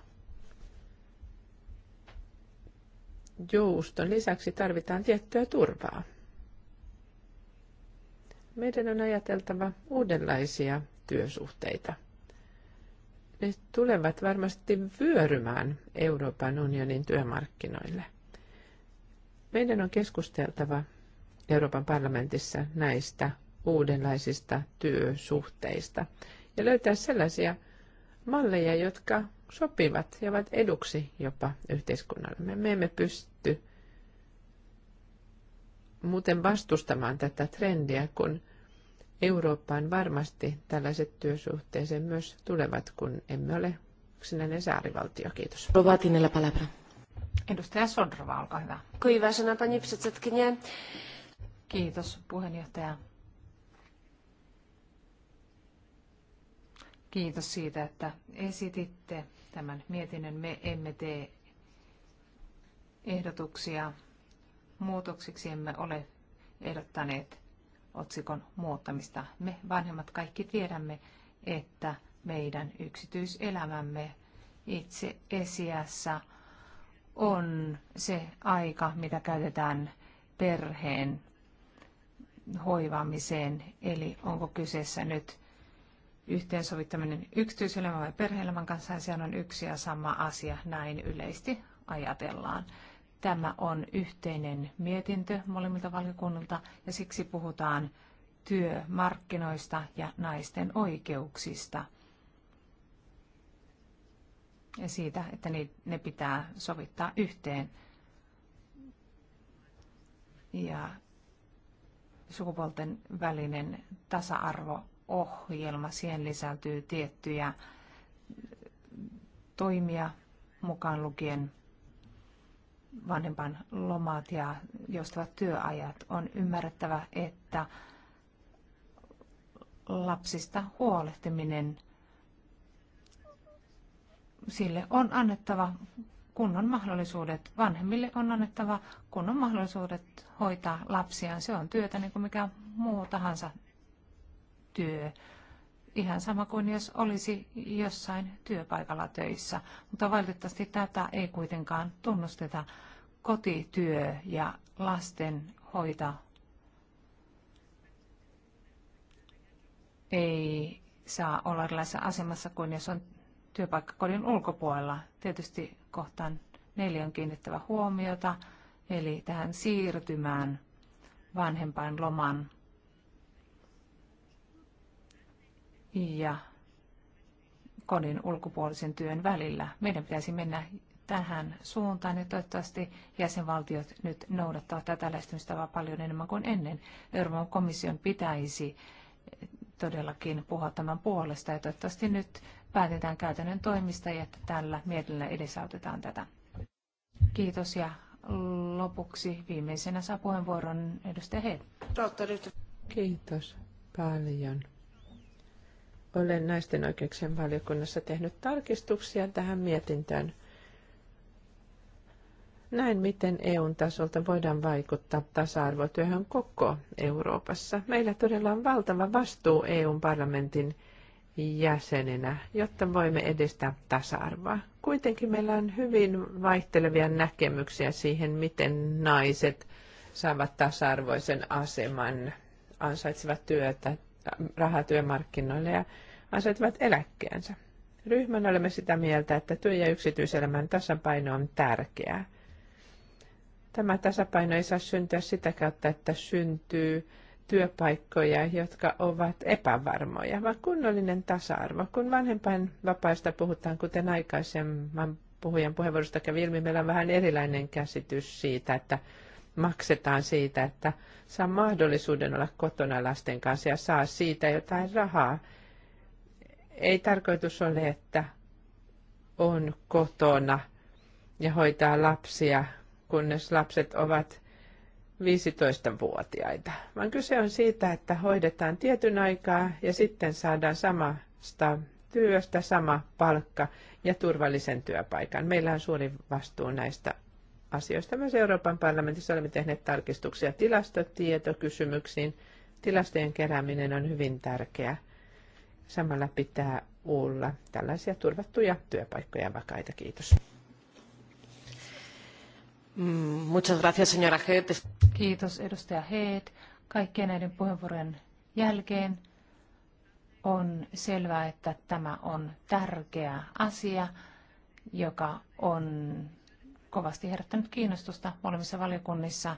jouston lisäksi tarvitaan tiettyä turvaa. Meidän on ajateltava uudenlaisia työsuhteita. Ne tulevat varmasti vyörymään Euroopan unionin työmarkkinoille. Meidän on keskusteltava Euroopan parlamentissa näistä uudenlaisista työsuhteista ja löytää sellaisia malleja, jotka sopivat ja ovat eduksi jopa yhteiskunnalle. Me emme pysty muuten vastustamaan tätä trendiä, kun Eurooppaan varmasti tällaiset työsuhteeseen myös tulevat, kun emme ole yksinäinen saarivaltio. Kiitos. Edustaja Sodrova, olkaa hyvä. Kuiväisenä pani Kiitos puheenjohtaja. Kiitos siitä, että esititte tämän mietinnön. Me emme tee ehdotuksia muutoksiksi, emme ole ehdottaneet otsikon muuttamista. Me vanhemmat kaikki tiedämme, että meidän yksityiselämämme itse esiässä on se aika, mitä käytetään perheen hoivaamiseen. Eli onko kyseessä nyt yhteensovittaminen yksityiselämän vai perheelämän kanssa, sehän on yksi ja sama asia, näin yleisesti ajatellaan. Tämä on yhteinen mietintö molemmilta valiokunnilta ja siksi puhutaan työmarkkinoista ja naisten oikeuksista. Ja siitä, että ne pitää sovittaa yhteen. Ja sukupuolten välinen tasa-arvo-ohjelma, siihen lisältyy tiettyjä toimia mukaan lukien vanhempan lomat ja joustavat työajat. On ymmärrettävä, että lapsista huolehtiminen, sille on annettava kunnon mahdollisuudet. Vanhemmille on annettava kunnon mahdollisuudet hoitaa lapsiaan. Se on työtä niin kuin mikä muu tahansa työ ihan sama kuin jos olisi jossain työpaikalla töissä. Mutta valitettavasti tätä ei kuitenkaan tunnusteta. Kotityö ja lasten hoita ei saa olla erilaisessa asemassa kuin jos on työpaikkakodin ulkopuolella. Tietysti kohtaan neljä on kiinnittävä huomiota, eli tähän siirtymään vanhempain loman ja kodin ulkopuolisen työn välillä. Meidän pitäisi mennä tähän suuntaan ja toivottavasti jäsenvaltiot nyt noudattavat tätä lähestymistapaa paljon enemmän kuin ennen. Euroopan komission pitäisi todellakin puhua tämän puolesta ja toivottavasti nyt päätetään käytännön toimista ja että tällä mietillä edesautetaan tätä. Kiitos ja lopuksi viimeisenä saa puheenvuoron edustaja Heet. Kiitos paljon olen naisten oikeuksien valiokunnassa tehnyt tarkistuksia tähän mietintöön. Näin, miten EUn tasolta voidaan vaikuttaa tasa-arvotyöhön koko Euroopassa. Meillä todella on valtava vastuu EUn parlamentin jäsenenä, jotta voimme edistää tasa-arvoa. Kuitenkin meillä on hyvin vaihtelevia näkemyksiä siihen, miten naiset saavat tasa-arvoisen aseman, ansaitsevat työtä, rahatyömarkkinoille ja ansaitsevat eläkkeensä. Ryhmän olemme sitä mieltä, että työ- ja yksityiselämän tasapaino on tärkeää. Tämä tasapaino ei saa syntyä sitä kautta, että syntyy työpaikkoja, jotka ovat epävarmoja, vaan kunnollinen tasa-arvo. Kun vanhempain vapaista puhutaan, kuten aikaisemman puhujan puheenvuorosta kävi ilmi, meillä on vähän erilainen käsitys siitä, että maksetaan siitä, että saa mahdollisuuden olla kotona lasten kanssa ja saa siitä jotain rahaa. Ei tarkoitus ole, että on kotona ja hoitaa lapsia, kunnes lapset ovat 15-vuotiaita, vaan kyse on siitä, että hoidetaan tietyn aikaa ja sitten saadaan samasta työstä sama palkka ja turvallisen työpaikan. Meillä on suuri vastuu näistä asioista. Myös Euroopan parlamentissa olemme tehneet tarkistuksia tilastotietokysymyksiin. Tilastojen kerääminen on hyvin tärkeää. Samalla pitää olla tällaisia turvattuja työpaikkoja vakaita. Kiitos. Mm, muchas gracias, señora Head. Kiitos, edustaja Head. Kaikkien näiden puheenvuorojen jälkeen on selvää, että tämä on tärkeä asia, joka on kovasti herättänyt kiinnostusta molemmissa valiokunnissa.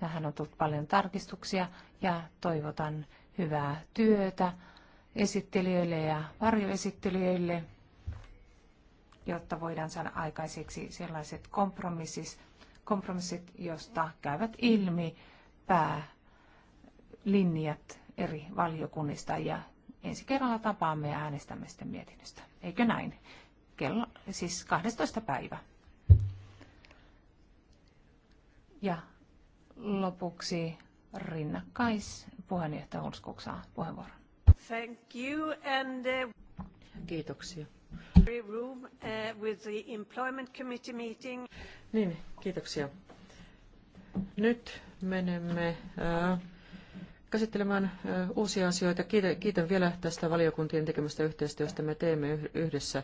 Tähän on tullut paljon tarkistuksia ja toivotan hyvää työtä esittelijöille ja varjoesittelijöille, jotta voidaan saada aikaiseksi sellaiset kompromissit, kompromissit josta käyvät ilmi päälinjat eri valiokunnista ja ensi kerralla tapaamme ja äänestämme sitten mietinnöstä. Eikö näin? Kello, siis 12. päivä. Ja lopuksi rinnakkais puheenjohtaja Ulskuk puheenvuoro. Thank you and, uh... Kiitoksia. Room, uh, with the employment committee meeting. Niin, kiitoksia. Nyt menemme uh, käsittelemään uh, uusia asioita. Kiitän vielä tästä valiokuntien tekemästä yhteistyöstä. Me teemme yhdessä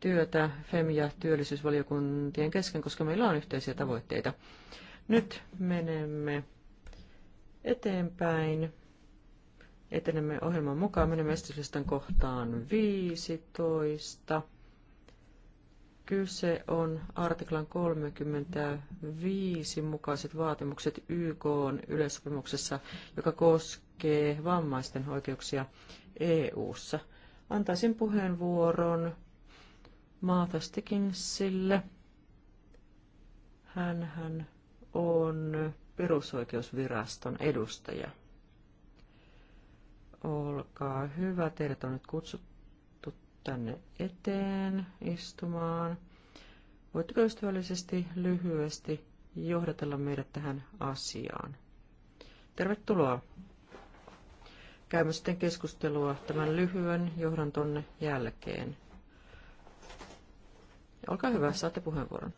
työtä FEM- ja työllisyysvaliokuntien kesken, koska meillä on yhteisiä tavoitteita. Nyt menemme eteenpäin. Etenemme ohjelman mukaan. Menemme esityslistan kohtaan 15. Kyse on artiklan 35 mukaiset vaatimukset YK yleissopimuksessa, joka koskee vammaisten oikeuksia EU-ssa. Antaisin puheenvuoron Martha Stickingsille. hän on perusoikeusviraston edustaja. Olkaa hyvä, teidät on nyt kutsuttu tänne eteen istumaan. Voitteko ystävällisesti, lyhyesti johdatella meidät tähän asiaan? Tervetuloa. Käymme sitten keskustelua tämän lyhyen johdantonne jälkeen. Olkaa hyvä, saatte puheenvuoron.